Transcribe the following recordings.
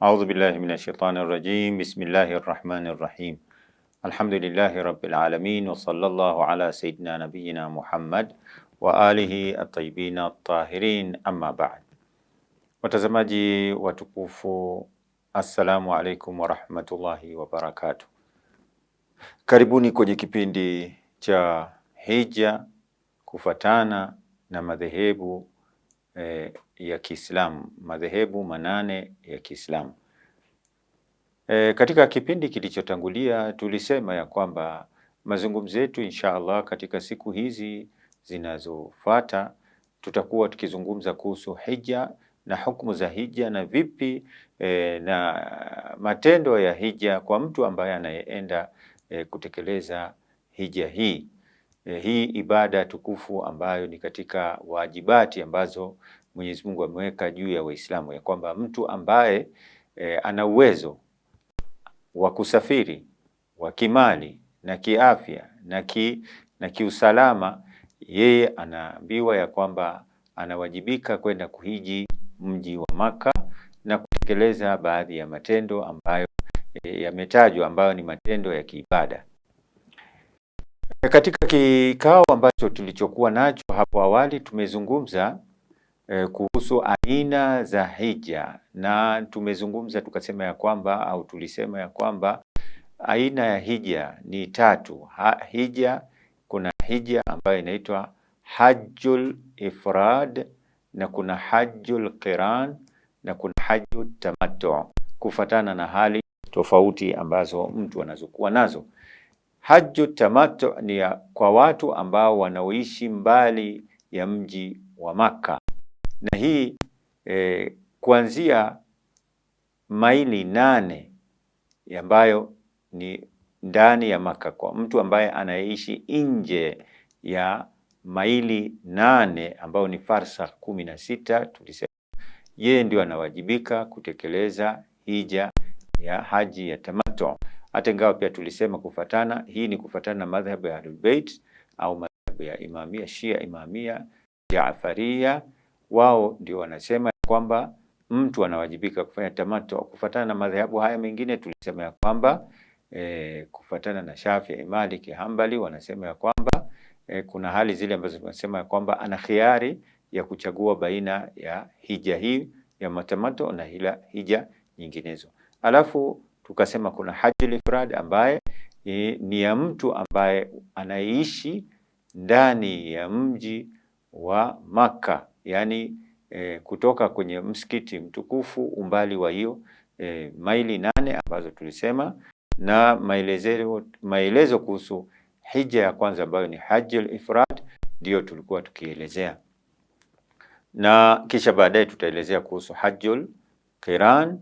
Auzu billahi mineşşeytanirracim. Bismillahirrahmanirrahim. Elhamdülillahi rabbil alamin ve sallallahu ala seyyidina nabiyyina Muhammad wa alihi at-tayyibin at-tahirin. Amma ba'd. Watazamaji watukufu, assalamu alaikum wa rahmatullahi Karibuni kwenye kipindi cha Hija kufatana na madhehebu eh, ya Kiislamu, madhehebu manane ya Kiislamu. Eh, katika kipindi kilichotangulia tulisema ya kwamba mazungumzo yetu insha Allah katika siku hizi zinazofuata tutakuwa tukizungumza kuhusu hija na hukumu za hija na vipi e, na matendo ya hija kwa mtu ambaye anayeenda e, kutekeleza hija hii. Eh, hii ibada tukufu ambayo ni katika wajibati ambazo Mwenyezi Mungu ameweka juu ya Waislamu ya kwamba mtu ambaye e, ana uwezo wa kusafiri wa kimali na kiafya na ki na kiusalama, yeye anaambiwa ya kwamba anawajibika kwenda kuhiji mji wa Maka na kutekeleza baadhi ya matendo ambayo e, yametajwa ambayo ni matendo ya kiibada. Eh, katika kikao ambacho tulichokuwa nacho hapo awali tumezungumza eh, kuhusu aina za hija na tumezungumza tukasema ya kwamba au tulisema ya kwamba aina ya hija ni tatu. Ha, hija kuna hija ambayo inaitwa hajjul ifrad na kuna hajjul qiran na kuna hajjul tamattu, kufatana na hali tofauti ambazo mtu anazokuwa nazo. Haju tamato ni ya kwa watu ambao wanaoishi mbali ya mji wa Maka, na hii eh, kuanzia maili nane ambayo ni ndani ya Maka kwa mtu ambaye anayeishi nje ya maili nane ambayo ni farsa kumi na sita, tulisema yeye ndio anawajibika kutekeleza hija ya haji ya tamato hata ingawa pia tulisema kufatana, hii ni kufatana na madhhabu ya Ahlul Bait au madhhabu ya Imamia, Shia, Imamia, Jaafaria. Wao ndio wanasema kwamba mtu anawajibika kufanya tamato kufatana na madhehebu haya mengine. Tulisema ya kwamba e, kufatana na Shafii, Maliki, Hambali wanasema ya kwamba e, kuna hali zile ambazo tunasema ya kwamba ana khiari ya kuchagua baina ya hija hii ya matamato na hila hija nyinginezo alafu tukasema kuna haji lifrad ambaye e, ni ya mtu ambaye anaishi ndani ya mji wa Makka, yani e, kutoka kwenye msikiti mtukufu umbali wa hiyo e, maili nane ambazo tulisema, na maelezo maelezo kuhusu hija ya kwanza ambayo ni hajjul ifrad ndiyo tulikuwa tukielezea, na kisha baadaye tutaelezea kuhusu hajjul qiran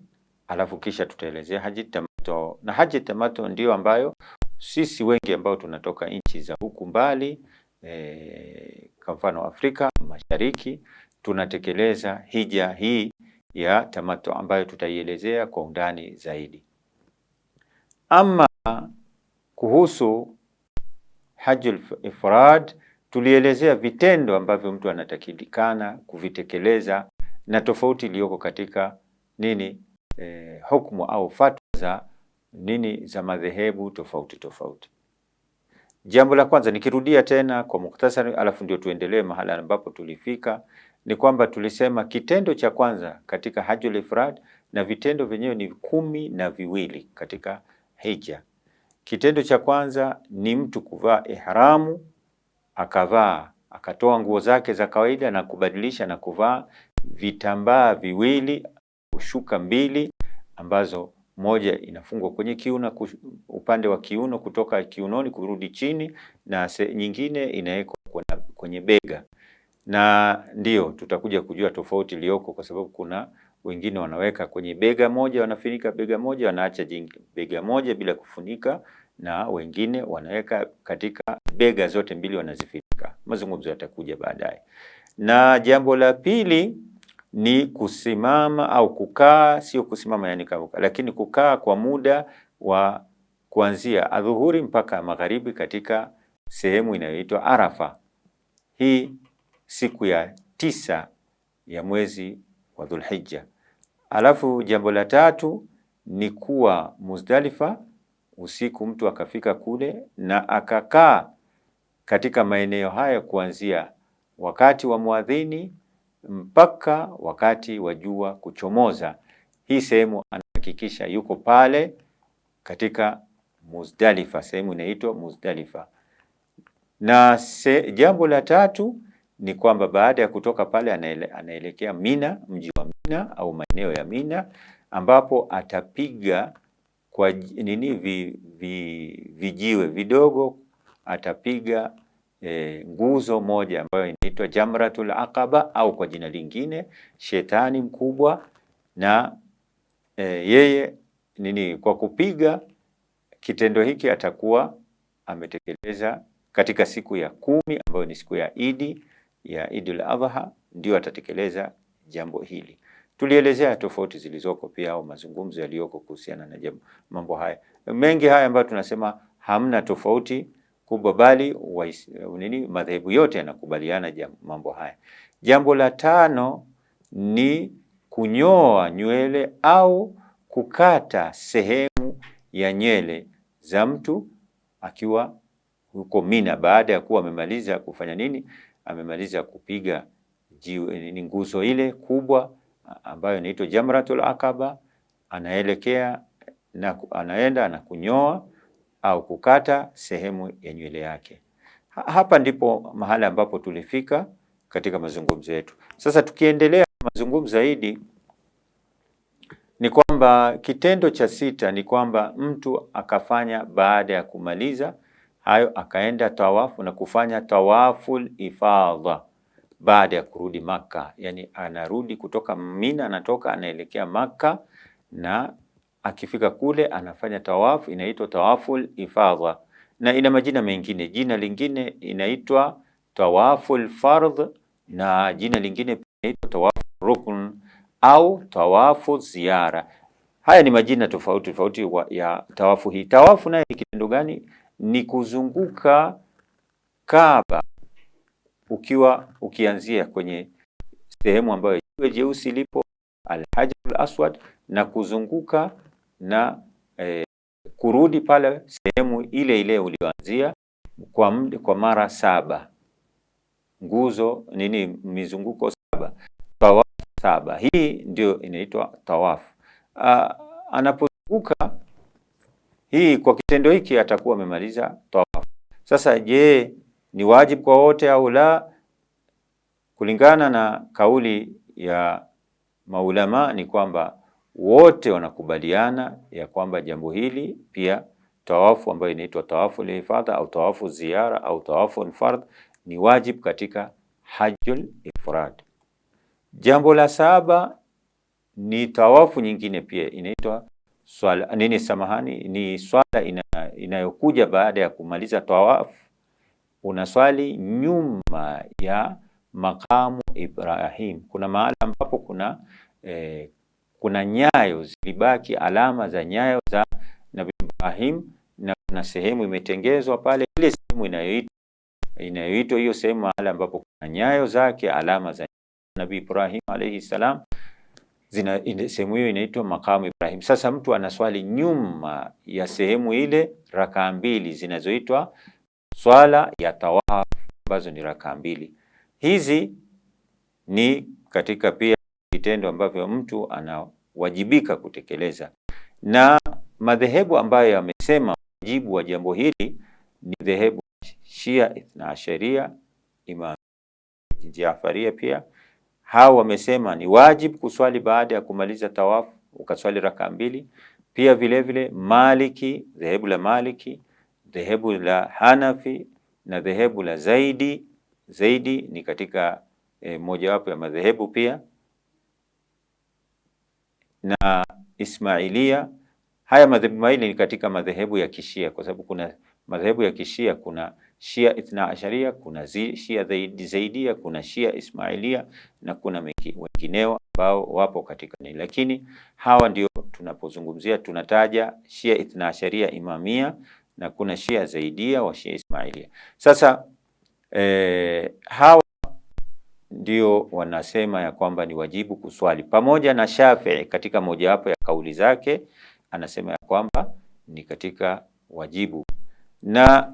alafu kisha tutaelezea haji tamato. Na haji tamato ndiyo ambayo sisi wengi ambao tunatoka nchi za huku mbali e, kwa mfano Afrika Mashariki tunatekeleza hija hii ya tamato ambayo tutaielezea kwa undani zaidi. Ama kuhusu hajjul ifrad tulielezea vitendo ambavyo mtu anatakikana kuvitekeleza na tofauti iliyoko katika nini eh, hukumu au fatwa za nini za madhehebu tofauti tofauti. Jambo la kwanza nikirudia tena kwa muktasari, alafu ndio tuendelee mahala ambapo tulifika, ni kwamba tulisema kitendo cha kwanza katika hajjul ifrad na vitendo vyenyewe ni kumi na viwili katika hija. Kitendo cha kwanza ni mtu kuvaa ihramu, akavaa akatoa nguo zake za kawaida na kubadilisha na kuvaa vitambaa viwili shuka mbili ambazo moja inafungwa kwenye kiuno, upande wa kiuno kutoka kiunoni kurudi chini, na nyingine inawekwa kwenye bega, na ndio tutakuja kujua tofauti iliyoko, kwa sababu kuna wengine wanaweka kwenye bega moja, wanafunika bega moja, wanaacha jingi bega moja bila kufunika, na wengine wanaweka katika bega zote mbili wanazifunika. Mazungumzo yatakuja baadaye. Na jambo la pili ni kusimama au kukaa, sio kusimama, yani kauka, lakini kukaa kwa muda wa kuanzia adhuhuri mpaka magharibi katika sehemu inayoitwa Arafa, hii siku ya tisa ya mwezi wa Dhulhijja. Alafu jambo la tatu ni kuwa Muzdalifa usiku, mtu akafika kule na akakaa katika maeneo haya kuanzia wakati wa mwadhini mpaka wakati wa jua kuchomoza. Hii sehemu anahakikisha yuko pale katika Muzdalifa, sehemu inaitwa Muzdalifa. Na se, jambo la tatu ni kwamba baada ya kutoka pale anaele, anaelekea Mina, mji wa Mina au maeneo ya Mina ambapo atapiga kwa nini vi, vi, vijiwe vidogo atapiga e, nguzo moja ambayo inaitwa Jamratul Aqaba au kwa jina lingine shetani mkubwa, na e, yeye nini, kwa kupiga kitendo hiki atakuwa ametekeleza katika siku ya kumi ambayo ni siku ya Idi ya Idul Adha, ndio atatekeleza jambo hili. Tulielezea tofauti zilizoko pia au mazungumzo yaliyoko kuhusiana na jambo mambo haya mengi haya ambayo tunasema hamna tofauti kubwa, bali nini, madhehebu yote yanakubaliana mambo haya. Jambo la tano ni kunyoa nywele au kukata sehemu ya nywele za mtu akiwa huko Mina, baada ya kuwa amemaliza kufanya nini, amemaliza kupiga ni nguzo ile kubwa ambayo inaitwa Jamratul Aqaba, anaelekea na anaenda na kunyoa au kukata sehemu ya nywele yake. Hapa ndipo mahala ambapo tulifika katika mazungumzo yetu. Sasa tukiendelea mazungumzo zaidi, ni kwamba kitendo cha sita ni kwamba mtu akafanya baada ya kumaliza hayo akaenda tawafu na kufanya tawaful ifadha baada ya kurudi Makka, yani anarudi kutoka Mina, anatoka anaelekea Makka na Akifika kule anafanya tawafu, inaitwa tawaful ifadha, na ina majina mengine. Jina lingine inaitwa tawaful fardh na jina lingine inaitwa tawafu rukn au tawafu ziara. Haya ni majina tofauti tofauti ya tawafu hii. Tawafu naye ni kitendo gani? Ni kuzunguka Kaaba ukiwa ukianzia kwenye sehemu ambayo jiwe jeusi lipo Alhajarul Aswad na kuzunguka na e, kurudi pale sehemu ile ile ulioanzia kwa, mde, kwa mara saba nguzo nini mizunguko saba tawafu saba. Hii ndio inaitwa tawafu. Ah, anapozunguka hii kwa kitendo hiki atakuwa amemaliza tawafu. Sasa je, ni wajibu kwa wote au la? Kulingana na kauli ya maulama ni kwamba wote wanakubaliana ya kwamba jambo hili pia tawafu ambayo inaitwa tawafu lihifadha au tawafu ziara au tawafu fardh ni wajib katika hajjul ifrad. Jambo la saba ni tawafu nyingine pia inaitwa swala nini, samahani, ni swala ina, inayokuja baada ya kumaliza tawafu, unaswali nyuma ya makamu Ibrahim. Kuna mahala ambapo kuna eh, kuna nyayo zilibaki, alama za nyayo za Nabii Ibrahim, na kuna sehemu imetengezwa pale, ile sehemu inayoitwa inayoitwa hiyo sehemu, mahali ambapo kuna nyayo zake, alama za Nabii Ibrahim alayhi salam zina sehemu hiyo inaitwa makamu Ibrahim. Sasa mtu anaswali nyuma ya sehemu ile rakaa mbili zinazoitwa swala ya tawafu ambazo ni rakaa mbili. Hizi ni katika pia vitendo ambavyo mtu ana wajibika kutekeleza. Na madhehebu ambayo yamesema wajibu wa jambo hili ni dhehebu Shia, Ithna Asharia, Imam Jafaria. Pia hao wamesema ni wajibu kuswali baada ya kumaliza tawafu ukaswali raka mbili. Pia vilevile vile, Maliki, dhehebu la Maliki, dhehebu la Hanafi na dhehebu la Zaidi. Zaidi ni katika e, mojawapo ya madhehebu pia na Ismailia. Haya madhehebu mawili ni katika madhehebu ya Kishia, kwa sababu kuna madhehebu ya Kishia, kuna Shia Ithna Asharia, kuna zi, Shia Zaidia, kuna Shia Ismailia na kuna wengineo ambao wapo katika ni, lakini hawa ndio tunapozungumzia, tunataja Shia Ithna Asharia Imamia na kuna Shia Zaidia wa Shia Ismailia. Sasa eh, hawa ndio wanasema ya kwamba ni wajibu kuswali, pamoja na Shafii katika mojawapo ya kauli zake anasema ya kwamba ni katika wajibu, na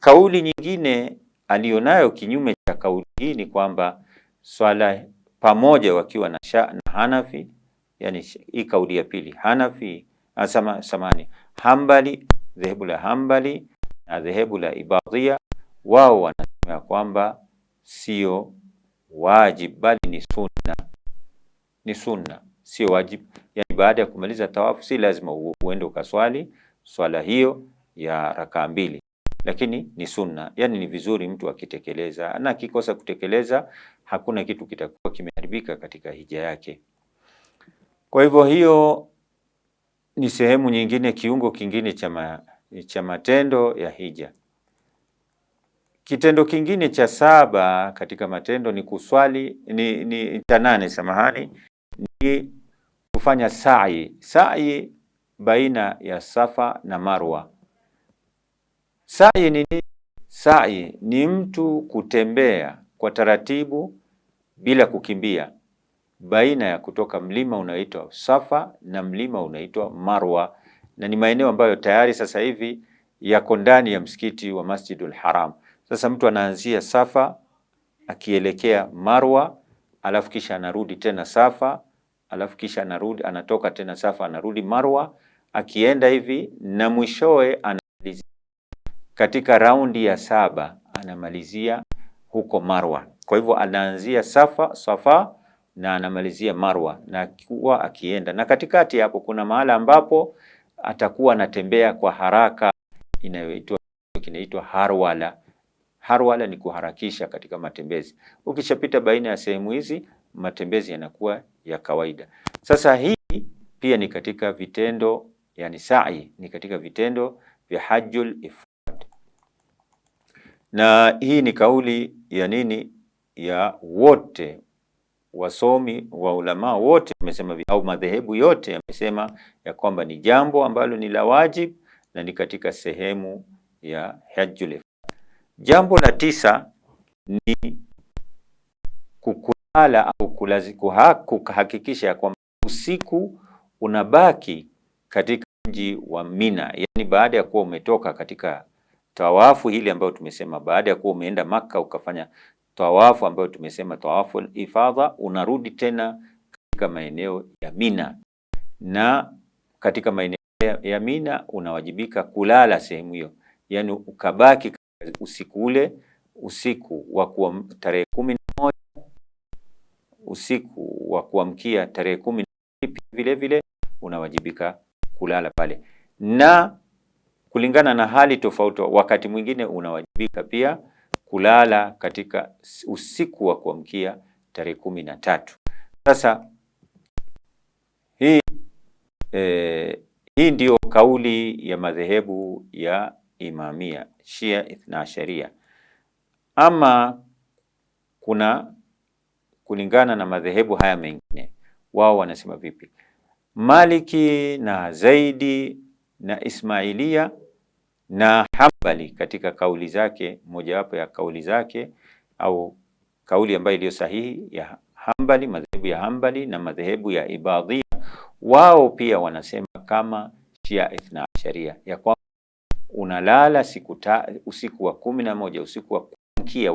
kauli nyingine aliyonayo kinyume cha kauli hii ni kwamba swala pamoja wakiwa na sha na Hanafi, yani hii kauli ya pili Hanafi asama, ah, samani Hambali, dhehebu la Hambali na dhehebu la Ibadhia, wao wanasema ya kwamba sio wajib, bali ni sunna, ni sunna, sio wajib. Yani baada ya kumaliza tawafu si lazima uende ukaswali swala hiyo ya rakaa mbili, lakini ni sunna, yani ni vizuri mtu akitekeleza, na akikosa kutekeleza hakuna kitu kitakuwa kimeharibika katika hija yake. Kwa hivyo hiyo ni sehemu nyingine, kiungo kingine cha matendo ya hija. Kitendo kingine cha saba katika matendo ni kuswali ni, ni cha nane samahani, ni kufanya sa'i sa'i baina ya Safa na Marwa. Sa'i ni nini? Sa'i ni mtu kutembea kwa taratibu bila kukimbia baina ya kutoka mlima unaoitwa Safa na mlima unaitwa Marwa, na ni maeneo ambayo tayari sasa hivi yako ndani ya msikiti wa Masjidul Haram. Sasa mtu anaanzia Safa akielekea Marwa, alafu kisha anarudi tena Safa, alafu kisha anarudi anatoka tena Safa anarudi Marwa, akienda hivi na mwishowe anamalizia katika raundi ya saba anamalizia huko Marwa. Kwa hivyo anaanzia Safa, Safa na anamalizia Marwa na kuwa akienda, na katikati hapo kuna mahala ambapo atakuwa anatembea kwa haraka inayoitwa kinaitwa harwala. Harwala ni kuharakisha katika matembezi. Ukishapita baina ya sehemu hizi, matembezi yanakuwa ya kawaida. Sasa hii pia ni katika vitendo, yani sa'i ni katika vitendo vya hajjul ifrad, na hii ni kauli ya nini? Ya wote wasomi wa ulama wote wamesema, au madhehebu yote yamesema ya kwamba ni jambo ambalo ni la wajib na ni katika sehemu ya hajjul ifrad. Jambo la tisa ni kukulala au kuhakikisha ya kwamba usiku unabaki katika mji wa Mina, yaani baada ya kuwa umetoka katika tawafu hili ambayo tumesema, baada ya kuwa umeenda Maka ukafanya tawafu ambayo tumesema tawafu ifadha, unarudi tena katika maeneo ya Mina, na katika maeneo ya Mina unawajibika kulala sehemu hiyo, yaani ukabaki usiku ule, usiku wa tarehe kumi na moja usiku wa kuamkia tarehe kumi na mbili vile vile unawajibika kulala pale, na kulingana na hali tofauti, wakati mwingine unawajibika pia kulala katika usiku wa kuamkia tarehe kumi na tatu. Sasa hii, eh, hii ndiyo kauli ya madhehebu ya Imamia, Shia Ithnaasharia. Ama kuna kulingana na madhehebu haya mengine, wao wanasema vipi? Maliki na Zaidi na Ismailia na Hambali katika kauli zake, mojawapo ya kauli zake au kauli ambayo iliyo sahihi ya Hambali, madhehebu ya Hambali na madhehebu ya Ibadhia, wao pia wanasema kama Shia Ithna Asharia ya kwamba unalala siku ta, usiku wa kumi na moja usiku wa kuamkia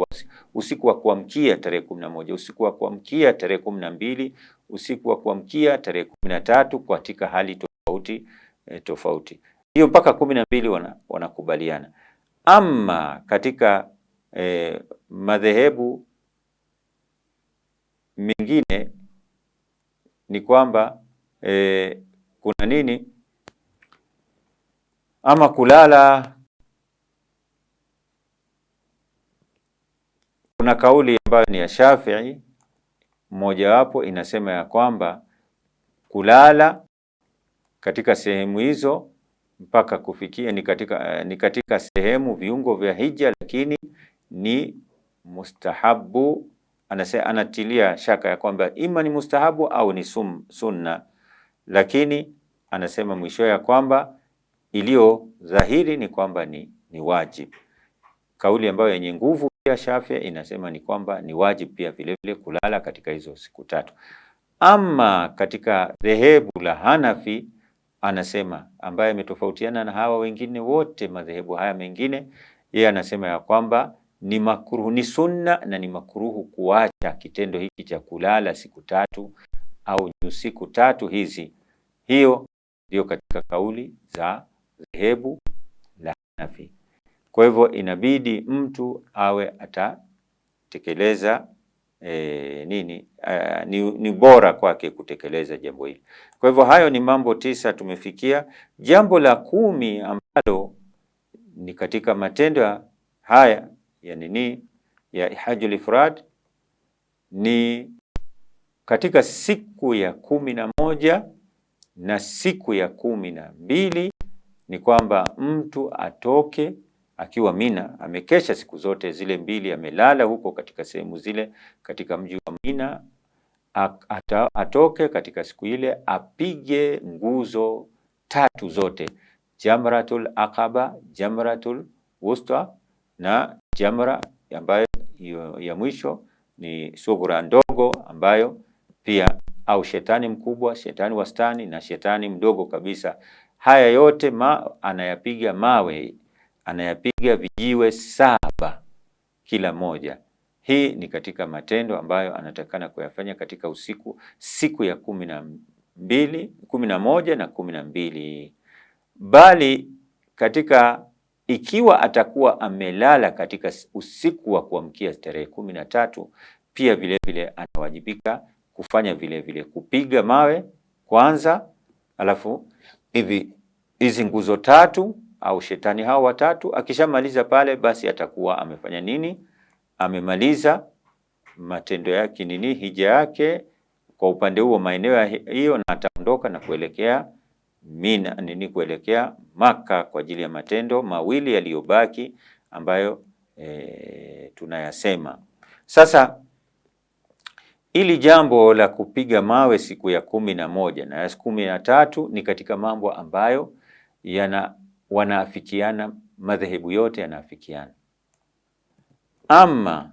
usiku wa kuamkia tarehe kumi na moja usiku wa kuamkia tarehe kumi na mbili usiku wa kuamkia tarehe kumi na tatu katika hali tofauti e, tofauti hiyo mpaka kumi na mbili wanakubaliana wana ama katika e, madhehebu mengine ni kwamba e, kuna nini ama kulala. Kuna kauli ambayo ni ya Shafi'i mmojawapo inasema ya kwamba kulala katika sehemu hizo mpaka kufikia ni katika, eh, ni katika sehemu viungo vya hija, lakini ni mustahabu. Anasema, anatilia shaka ya kwamba ima ni mustahabu au ni sum, sunna, lakini anasema mwisho ya kwamba iliyo dhahiri ni kwamba ni, ni wajibu. Kauli ambayo yenye nguvu pia Shafia inasema ni kwamba ni wajibu pia vilevile kulala katika hizo siku tatu. Ama katika dhehebu la Hanafi anasema ambaye ametofautiana na hawa wengine wote madhehebu haya mengine, yeye anasema ya kwamba ni makruhu, ni sunna na ni makruhu kuacha kitendo hiki cha kulala siku tatu au siku tatu hizi. Hiyo ndio katika kauli za dhehebu la Hanafi. Kwa hivyo inabidi mtu awe atatekeleza e, nini a, eh, ni, ni bora kwake kutekeleza jambo hili. Kwa hivyo hayo ni mambo tisa tumefikia. Jambo la kumi ambalo ni katika matendo haya ya nini ya hajjul ifrad ni katika siku ya kumi na moja na siku ya kumi na mbili ni kwamba mtu atoke akiwa Mina, amekesha siku zote zile mbili, amelala huko katika sehemu zile katika mji wa Mina, ata, atoke katika siku ile apige nguzo tatu zote, Jamratul Aqaba, Jamratul Wusta na jamra ambayo ya mwisho ni sughura ndogo, ambayo pia au shetani mkubwa, shetani wastani na shetani mdogo kabisa. Haya yote ma, anayapiga mawe, anayapiga vijiwe saba kila moja. Hii ni katika matendo ambayo anatakana kuyafanya katika usiku siku ya kumi na mbili, kumi na moja na kumi na mbili, bali katika ikiwa atakuwa amelala katika usiku wa kuamkia tarehe kumi na tatu, pia vilevile anawajibika kufanya vilevile vile kupiga mawe kwanza, alafu hivi hizi nguzo tatu au shetani hao watatu. Akishamaliza pale, basi atakuwa amefanya nini? Amemaliza matendo yake nini, hija yake kwa upande huo maeneo hiyo, na ataondoka na kuelekea Mina nini, kuelekea Maka kwa ajili ya matendo mawili yaliyobaki ambayo e, tunayasema sasa ili jambo la kupiga mawe siku ya kumi na moja na ya kumi na tatu ni katika mambo ambayo yana wanaafikiana, madhehebu yote yanaafikiana. Ama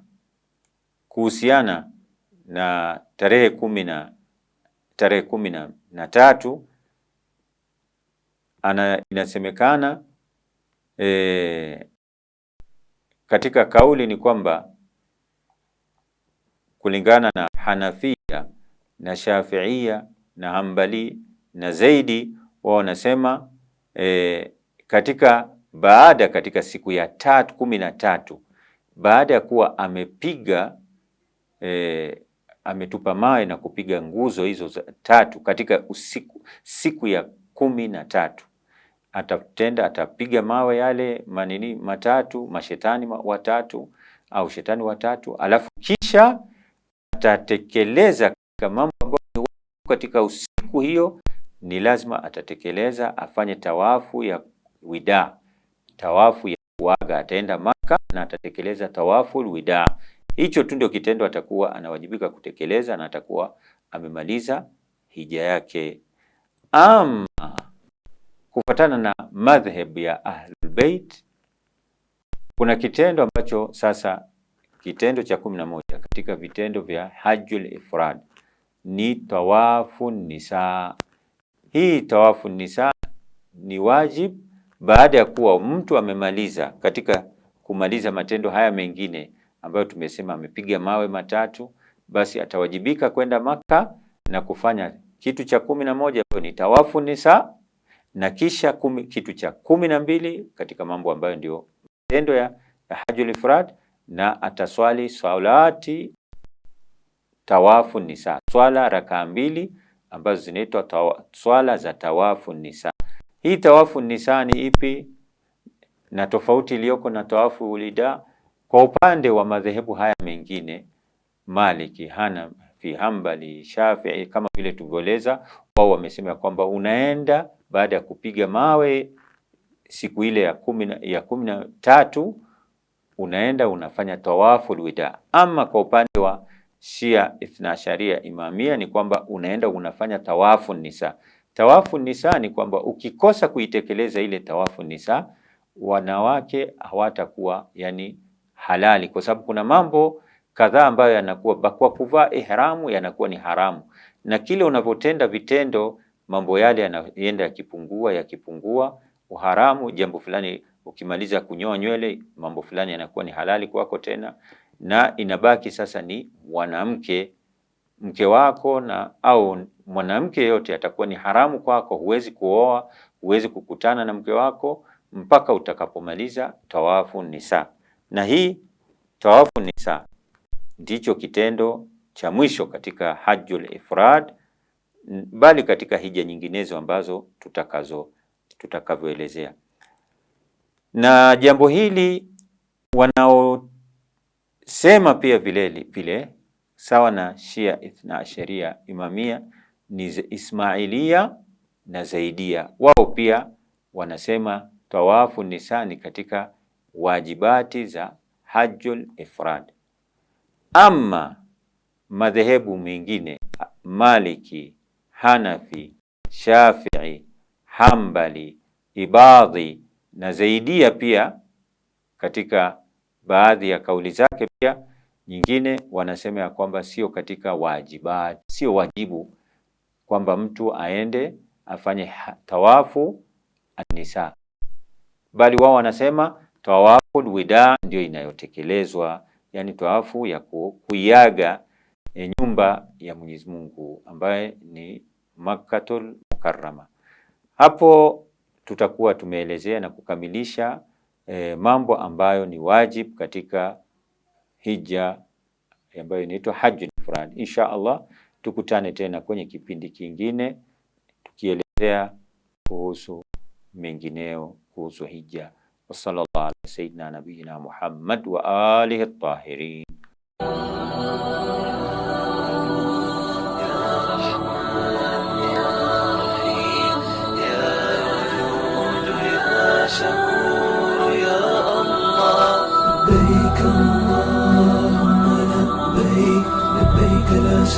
kuhusiana na tarehe kumi na tarehe kumi na tatu ana inasemekana e, katika kauli ni kwamba kulingana na Hanafiya na Shafiia na Hambali na Zaidi wao wanasema e, katika baada katika siku ya tatu kumi na tatu baada ya kuwa amepiga e, ametupa mawe na kupiga nguzo hizo za tatu katika usiku, siku ya kumi na tatu atatenda atapiga mawe yale manini matatu mashetani watatu au shetani watatu alafu kisha atatekeleza katika mambo ambayo katika usiku hiyo, ni lazima atatekeleza, afanye tawafu ya wida, tawafu ya kuaga. Ataenda Maka na atatekeleza tawafu wida. Hicho tu ndio kitendo atakuwa anawajibika kutekeleza, na atakuwa amemaliza hija yake. Ama kufuatana na madhhab ya Ahlulbeit kuna kitendo ambacho sasa, kitendo cha kumi na moja katika vitendo vya hajjul ifrad ni tawafu nisa. Hii tawafu nisa ni wajib baada ya kuwa mtu amemaliza katika kumaliza matendo haya mengine ambayo tumesema, amepiga mawe matatu, basi atawajibika kwenda Maka na kufanya kitu cha kumi na moja ambayo ni tawafu nisa, na kisha kumi, kitu cha kumi na mbili katika mambo ambayo ndio matendo ya hajjul ifrad na ataswali salati tawafu nisa, swala rakaa mbili ambazo zinaitwa swala za tawafu nisa. Hii tawafu nisa ni ipi na tofauti iliyoko na tawafu ulida? Kwa upande wa madhehebu haya mengine Maliki, Hanafi, Hambali, Shafii, kama vile tulivyoeleza, wao wamesema kwamba unaenda baada ya kupiga mawe siku ile ya kumi na tatu unaenda unafanya tawafu lwida. Ama kwa upande wa Shia Sharia Imamia ni kwamba unaenda unafanya tawafu nisa. Tawafu nisa ni kwamba ukikosa kuitekeleza ile tawafu nisa, wanawake hawatakuwa yani halali, kwa sababu kuna mambo kadhaa ambayo yanakuwa kwa kuvaa ihramu yanakuwa ni haramu, na kile unavyotenda vitendo, mambo yale yanaenda yakipungua yakipungua, uharamu jambo fulani Ukimaliza kunyoa nywele, mambo fulani yanakuwa ni halali kwako tena, na inabaki sasa ni mwanamke mke wako na au mwanamke yote atakuwa ni haramu kwako. Huwezi kuoa, huwezi kukutana na mke wako mpaka utakapomaliza tawafu nisa. Na hii tawafu nisa ndicho kitendo cha mwisho katika hajjul ifrad, bali katika hija nyinginezo ambazo tutakazo tutakavyoelezea na jambo hili wanaosema pia vile vile sawa na Shia Ithna Asharia Imamia ni Ismailia na Zaidia, wao pia wanasema tawafu nisani katika wajibati za hajjul ifrad. Ama madhehebu mengine Maliki, Hanafi, Shafi'i, Hambali, Ibadhi na zaidia pia katika baadhi ya kauli zake pia nyingine wanasema ya kwamba sio katika wajiba, sio wajibu kwamba mtu aende afanye tawafu anisa, bali wao wanasema tawafu wida ndio inayotekelezwa, yani tawafu ya kuiaga e nyumba ya Mwenyezi Mungu ambaye ni Makkatul Mukarrama hapo tutakuwa tumeelezea na kukamilisha e, mambo ambayo ni wajib katika hija ambayo inaitwa hajjul ifrad. Insha Allah tukutane tena kwenye kipindi kingine tukielezea kuhusu mengineo kuhusu hija. Wasallallahu ala sayyidina nabiyina Muhammad wa alihi tahirin.